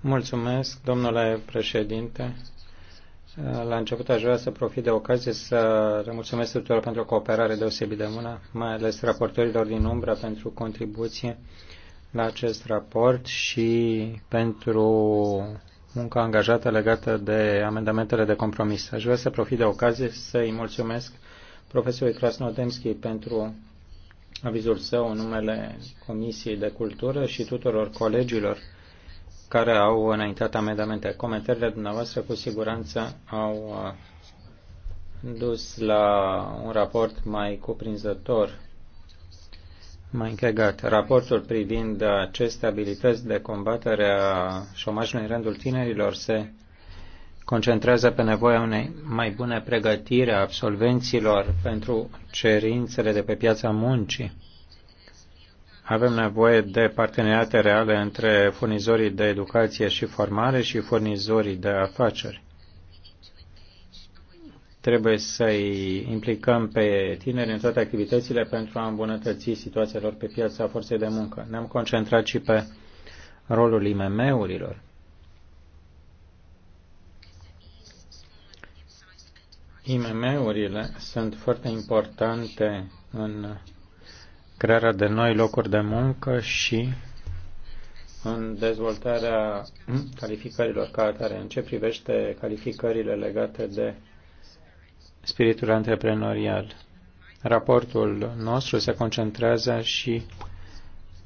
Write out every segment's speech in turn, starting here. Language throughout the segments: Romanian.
Mulțumesc, domnule președinte. La început aș vrea să profit de ocazie să le mulțumesc tuturor pentru o cooperare deosebit de bună, mai ales raportorilor din umbră pentru contribuție la acest raport și pentru munca angajată legată de amendamentele de compromis. Aș vrea să profit de ocazie să-i mulțumesc profesorului Krasnodemski pentru avizul său în numele Comisiei de Cultură și tuturor colegilor care au înaintat amendamente. Comentariile dumneavoastră cu siguranță au uh, dus la un raport mai cuprinzător, mai închegat. Raportul privind aceste abilități de combatere a șomajului în rândul tinerilor se concentrează pe nevoia unei mai bune pregătire a absolvenților pentru cerințele de pe piața muncii. Avem nevoie de parteneriate reale între furnizorii de educație și formare și furnizorii de afaceri. Trebuie să-i implicăm pe tineri în toate activitățile pentru a îmbunătăți situația lor pe piața forței de muncă. Ne-am concentrat și pe rolul IMM-urilor IMM-urile sunt foarte importante în crearea de noi locuri de muncă și în dezvoltarea calificărilor ca atare. În ce privește calificările legate de spiritul antreprenorial. Raportul nostru se concentrează și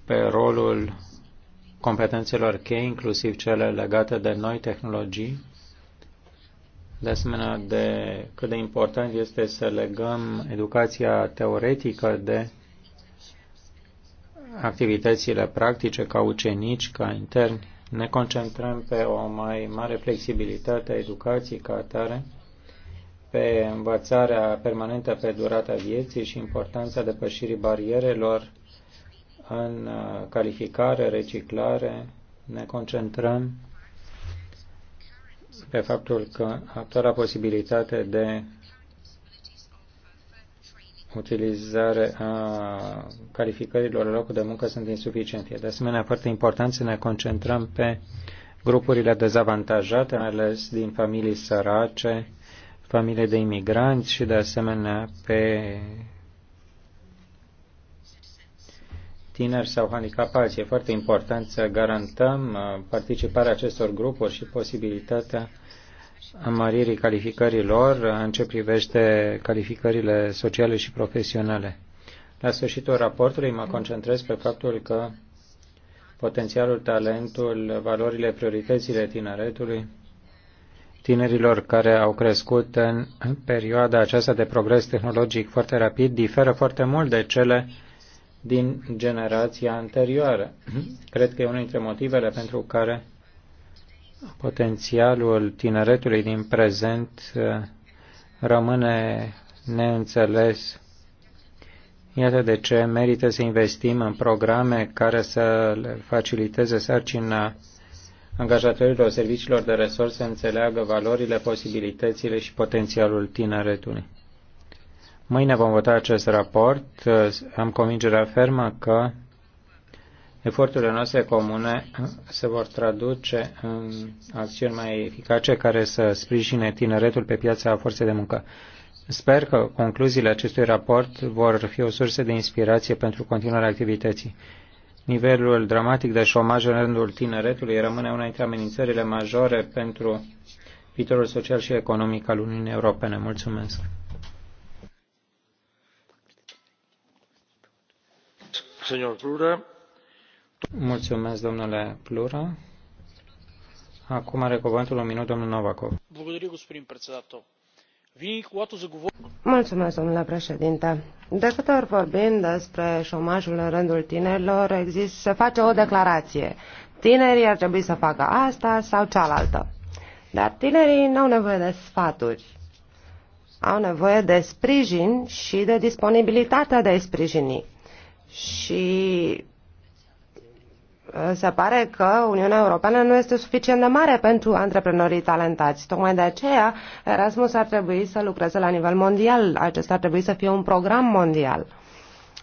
pe rolul competențelor cheie, inclusiv cele legate de noi tehnologii, de asemenea de cât de important este să legăm educația teoretică de activitățile practice ca ucenici, ca interni. Ne concentrăm pe o mai mare flexibilitate a educației ca atare, pe învățarea permanentă pe durata vieții și importanța depășirii barierelor în calificare, reciclare. Ne concentrăm pe faptul că actuala posibilitate de utilizare a calificărilor în locul de muncă sunt insuficiente. De asemenea, foarte important să ne concentrăm pe grupurile dezavantajate, mai ales din familii sărace, familii de imigranți și, de asemenea, pe tineri sau handicapați. E foarte important să garantăm uh, participarea acestor grupuri și posibilitatea măririi calificărilor uh, în ce privește calificările sociale și profesionale. La sfârșitul raportului mă concentrez pe faptul că potențialul, talentul, valorile, prioritățile tineretului, tinerilor care au crescut în perioada aceasta de progres tehnologic foarte rapid, diferă foarte mult de cele din generația anterioară. Cred că e unul dintre motivele pentru care potențialul tineretului din prezent uh, rămâne neînțeles. Iată de ce merită să investim în programe care să le faciliteze sarcina angajatorilor serviciilor de resurse să înțeleagă valorile, posibilitățile și potențialul tineretului. Mâine vom vota acest raport. Am convingerea fermă că eforturile noastre comune se vor traduce în acțiuni mai eficace care să sprijine tineretul pe piața forței de muncă. Sper că concluziile acestui raport vor fi o sursă de inspirație pentru continuarea activității. Nivelul dramatic de șomaj în rândul tineretului rămâne una dintre amenințările majore pentru viitorul social și economic al Uniunii Europene. Mulțumesc! Mulțumesc, domnule Plura. Acum are cuvântul un minut domnul Novakov. Mulțumesc, domnule președinte. De câte ori vorbim despre șomajul în rândul tinerilor, există, se face o declarație. Tinerii ar trebui să facă asta sau cealaltă. Dar tinerii nu au nevoie de sfaturi. Au nevoie de sprijin și de disponibilitatea de a-i sprijini și uh, se pare că Uniunea Europeană nu este suficient de mare pentru antreprenorii talentați. Tocmai de aceea Erasmus ar trebui să lucreze la nivel mondial. Acesta ar trebui să fie un program mondial.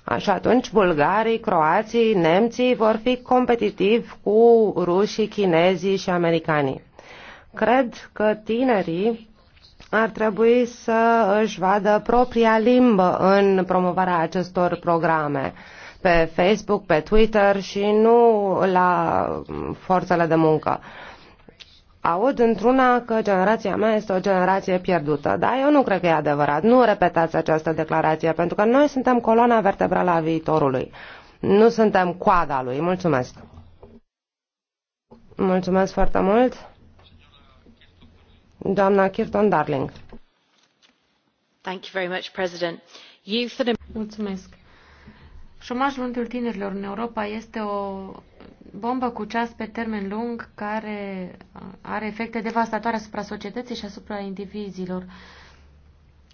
Așa, atunci bulgarii, croații, nemții vor fi competitivi cu rușii, chinezii și americanii. Cred că tinerii ar trebui să își vadă propria limbă în promovarea acestor programe pe Facebook, pe Twitter și nu la forțele de muncă. Aud într-una că generația mea este o generație pierdută, dar eu nu cred că e adevărat. Nu repetați această declarație, pentru că noi suntem coloana vertebrală a viitorului. Nu suntem coada lui. Mulțumesc! Mulțumesc foarte mult! doamna Kirton Darling. Mulțumesc. Șomajul rândul tinerilor în Europa este o bombă cu ceas pe termen lung care uh, are efecte devastatoare asupra societății și asupra indivizilor.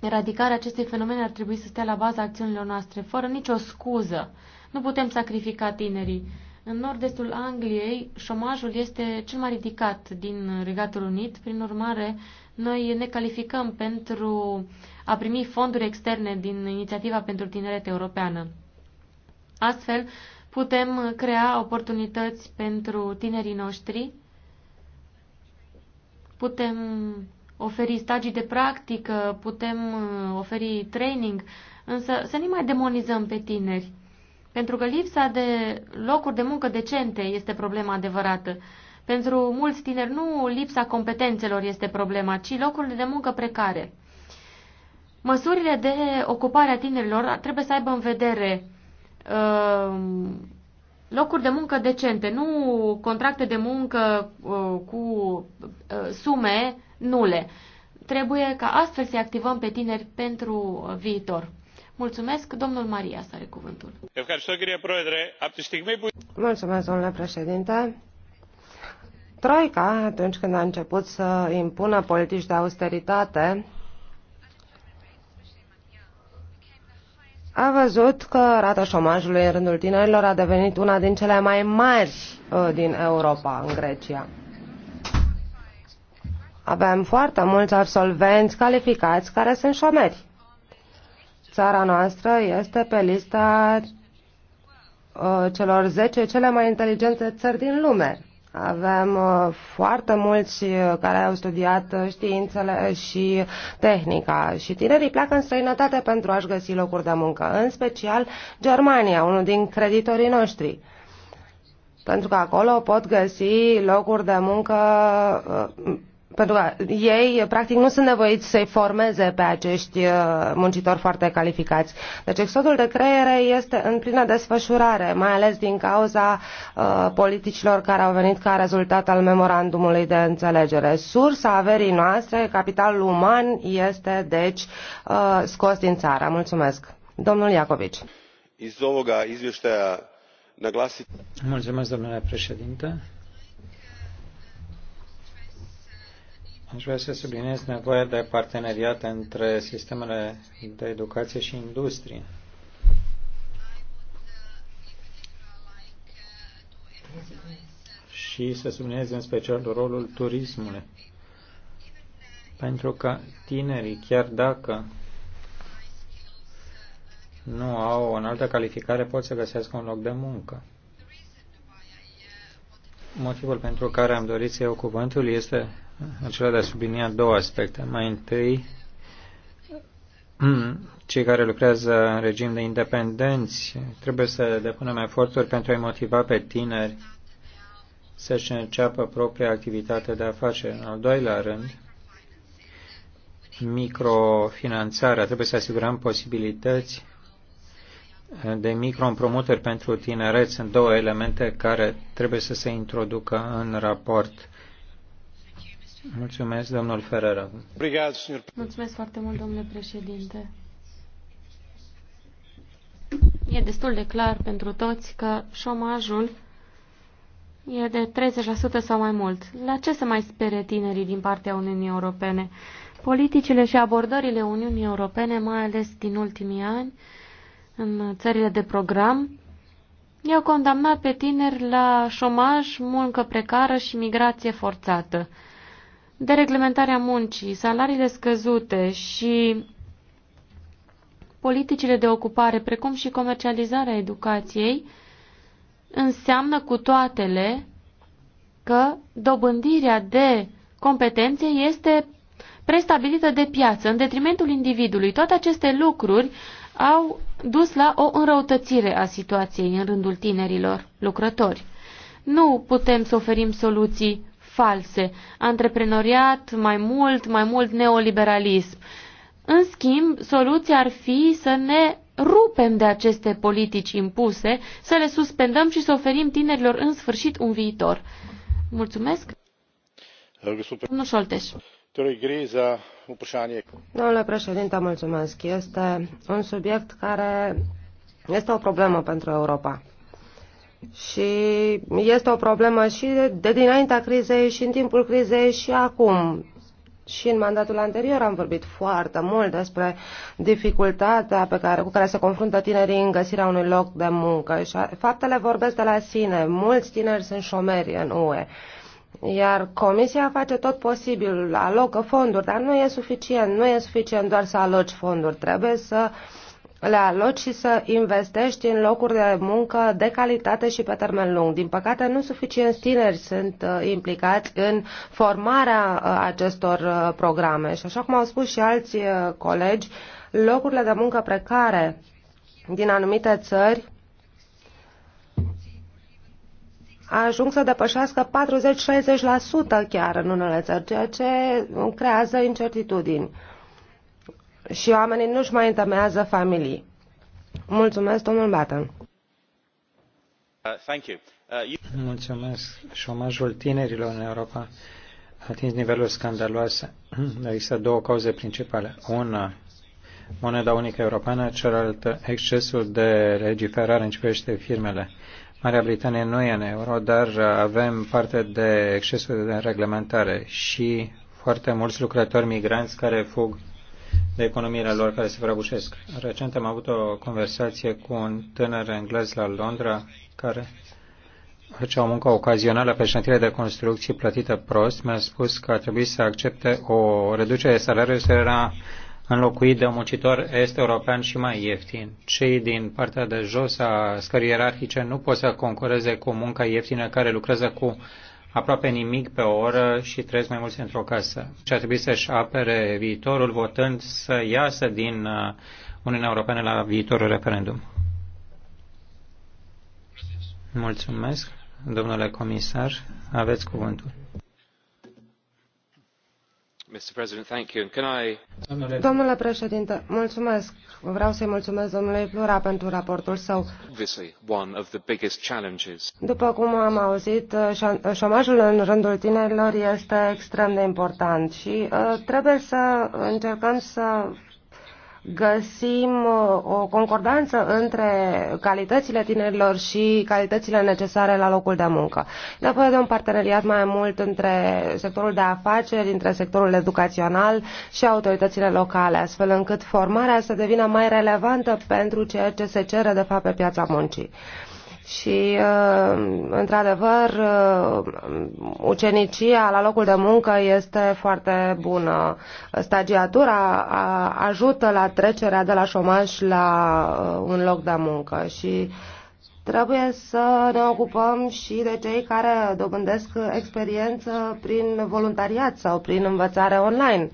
Eradicarea acestui fenomen ar trebui să stea la baza acțiunilor noastre, fără nicio scuză. Nu putem sacrifica tinerii. În nord-estul Angliei, șomajul este cel mai ridicat din Regatul Unit, prin urmare, noi ne calificăm pentru a primi fonduri externe din Inițiativa pentru Tineret Europeană. Astfel, putem crea oportunități pentru tinerii noștri, putem oferi stagii de practică, putem uh, oferi training, însă să nu mai demonizăm pe tineri. Pentru că lipsa de locuri de muncă decente este problema adevărată. Pentru mulți tineri nu lipsa competențelor este problema, ci locurile de muncă precare. Măsurile de ocupare a tinerilor trebuie să aibă în vedere uh, locuri de muncă decente, nu contracte de muncă uh, cu uh, sume nule. Trebuie ca astfel să activăm pe tineri pentru viitor. Mulțumesc, domnul Maria să are cuvântul. Mulțumesc, domnule președinte. Troica, atunci când a început să impună politici de austeritate, a văzut că rata șomajului în rândul tinerilor a devenit una din cele mai mari uh, din Europa, în Grecia. Avem foarte mulți absolvenți calificați care sunt șomeri țara noastră este pe lista uh, celor 10 cele mai inteligente țări din lume. Avem uh, foarte mulți uh, care au studiat științele și tehnica și tinerii pleacă în străinătate pentru a-și găsi locuri de muncă, în special Germania, unul din creditorii noștri. Pentru că acolo pot găsi locuri de muncă pentru că ei practic nu sunt nevoiți să-i formeze pe acești uh, muncitori foarte calificați. Deci exodul de creiere este în plină desfășurare, mai ales din cauza uh, politicilor care au venit ca rezultat al memorandumului de înțelegere. Sursa averii noastre, capitalul uman, este deci uh, scos din țară. Mulțumesc. Domnul Iacovici. Iz ovoga Mulțumesc, domnule președinte Aș vrea să subliniez nevoia de parteneriat între sistemele de educație și industrie. Și să subliniez în special rolul turismului. Pentru că tinerii, chiar dacă nu au o înaltă calificare, pot să găsească un loc de muncă. Motivul pentru care am dorit să iau cuvântul este acela de a sublinia două aspecte. Mai întâi, cei care lucrează în regim de independenți trebuie să depunem eforturi pentru a-i motiva pe tineri să-și înceapă propria activitate de afaceri. În al doilea rând, microfinanțarea. Trebuie să asigurăm posibilități de microîmprumuturi pentru tineret sunt două elemente care trebuie să se introducă în raport. Mulțumesc, domnul Ferrera. Mulțumesc foarte mult, domnule președinte. E destul de clar pentru toți că șomajul e de 30% sau mai mult. La ce să mai spere tinerii din partea Uniunii Europene? Politicile și abordările Uniunii Europene, mai ales din ultimii ani, în țările de program, i-au condamnat pe tineri la șomaj, muncă precară și migrație forțată. Dereglementarea muncii, salariile scăzute și politicile de ocupare, precum și comercializarea educației, înseamnă cu toatele că dobândirea de competențe este prestabilită de piață, în detrimentul individului. Toate aceste lucruri au dus la o înrăutățire a situației în rândul tinerilor lucrători. Nu putem să oferim soluții false, antreprenoriat, mai mult, mai mult neoliberalism. În schimb, soluția ar fi să ne rupem de aceste politici impuse, să le suspendăm și să oferim tinerilor în sfârșit un viitor. Mulțumesc! Domnul solteș domnule președinte mulțumesc. este un subiect care este o problemă pentru europa și este o problemă și de dinaintea crizei și în timpul crizei și acum. Și în mandatul anterior am vorbit foarte mult despre dificultatea pe care, cu care se confruntă tinerii în găsirea unui loc de muncă. Și faptele vorbesc de la sine. Mulți tineri sunt șomeri în UE. Iar Comisia face tot posibilul, alocă fonduri, dar nu e suficient. Nu e suficient doar să aloci fonduri, trebuie să le aloci și să investești în locuri de muncă de calitate și pe termen lung. Din păcate, nu suficienți tineri sunt uh, implicați în formarea uh, acestor uh, programe. Și așa cum au spus și alți colegi, locurile de muncă precare din anumite țări ajung să depășească 40-60% chiar în unele țări, ceea ce creează incertitudini și oamenii nu-și mai întemeiază familii. Mulțumesc, domnul Batten. Uh, uh, Mulțumesc. Șomajul tinerilor în Europa a atins niveluri scandaloase. Există două cauze principale. Una, moneda unică europeană, cealaltă, excesul de legiferare în ce firmele. Marea Britanie nu e în euro, dar avem parte de excesul de reglementare și foarte mulți lucrători migranți care fug de economiile lor care se prăbușesc. Recent am avut o conversație cu un tânăr englez la Londra care făcea o muncă ocazională pe șantiere de construcții plătită prost. Mi-a spus că a trebuit să accepte o reducere de salariu, să era înlocuit de un muncitor est-european și mai ieftin. Cei din partea de jos a scării ierarhice nu pot să concureze cu munca ieftină care lucrează cu aproape nimic pe oră și trăiesc mai mulți într-o casă. Și deci ar trebui să-și apere viitorul votând să iasă din uh, Uniunea Europeană la viitorul referendum. Mulțumesc, domnule comisar. Aveți cuvântul. Domnule președinte, mulțumesc. Vreau să-i mulțumesc domnului Plura pentru raportul său. După cum am auzit, șomajul în rândul tinerilor este extrem de important și uh, trebuie să încercăm să găsim uh, o concordanță între calitățile tinerilor și calitățile necesare la locul de muncă. Nevoie de un parteneriat mai mult între sectorul de afaceri, între sectorul educațional și autoritățile locale, astfel încât formarea să devină mai relevantă pentru ceea ce se cere de fapt pe piața muncii și, uh, într-adevăr, uh, ucenicia la locul de muncă este foarte bună. Stagiatura uh, ajută la trecerea de la șomaj la un loc de muncă și trebuie să ne ocupăm și de cei care dobândesc experiență prin voluntariat sau prin învățare online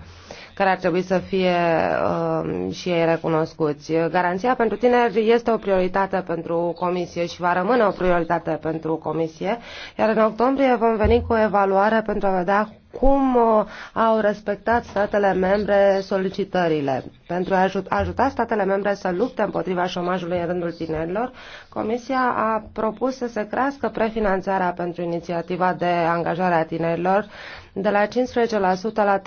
care ar trebui să fie uh, și ei recunoscuți. Garanția pentru tineri este o prioritate pentru Comisie și va rămâne o prioritate pentru Comisie, iar în octombrie vom veni cu o evaluare pentru a vedea cum uh, au respectat statele membre solicitările. Pentru a ajuta statele membre să lupte împotriva șomajului în rândul tinerilor, Comisia a propus să se crească prefinanțarea pentru inițiativa de angajare a tinerilor de la 15% la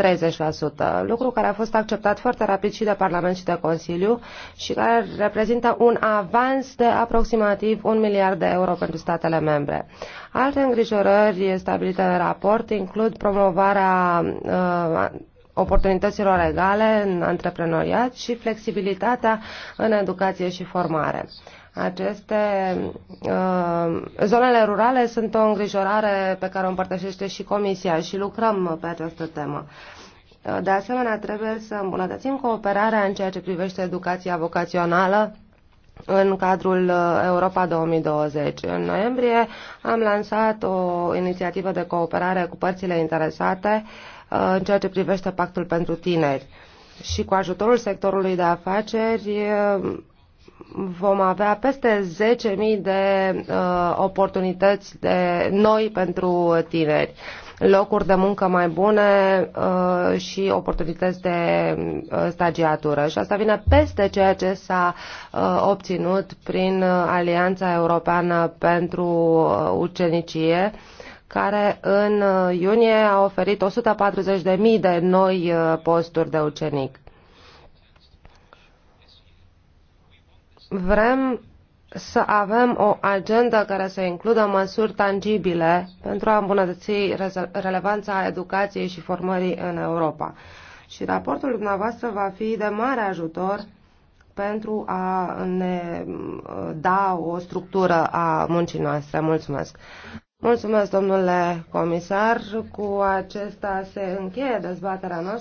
30%, lucru care a fost acceptat foarte rapid și de Parlament și de Consiliu și care reprezintă un avans de aproximativ 1 miliard de euro pentru statele membre. Alte îngrijorări stabilite în raport includ promovarea promovarea uh, oportunităților egale în antreprenoriat și flexibilitatea în educație și formare. Aceste uh, zonele rurale sunt o îngrijorare pe care o împărtășește și Comisia și lucrăm pe această temă. Uh, de asemenea, trebuie să îmbunătățim cooperarea în ceea ce privește educația vocațională în cadrul uh, Europa 2020. În noiembrie am lansat o inițiativă de cooperare cu părțile interesate uh, în ceea ce privește pactul pentru tineri. Și cu ajutorul sectorului de afaceri uh, vom avea peste 10.000 de oportunități de noi pentru tineri. Uh, locuri de muncă mai bune uh, și oportunități de uh, stagiatură. Și asta vine peste ceea ce s-a uh, obținut prin Alianța Europeană pentru Ucenicie, care în iunie a oferit 140.000 de noi posturi de ucenic. Vrem să avem o agendă care să includă măsuri tangibile pentru a îmbunătăți relevanța educației și formării în Europa. Și raportul dumneavoastră va fi de mare ajutor pentru a ne uh, da o structură a muncii noastre. Mulțumesc! Mulțumesc, domnule comisar. Cu acesta se încheie dezbaterea noastră.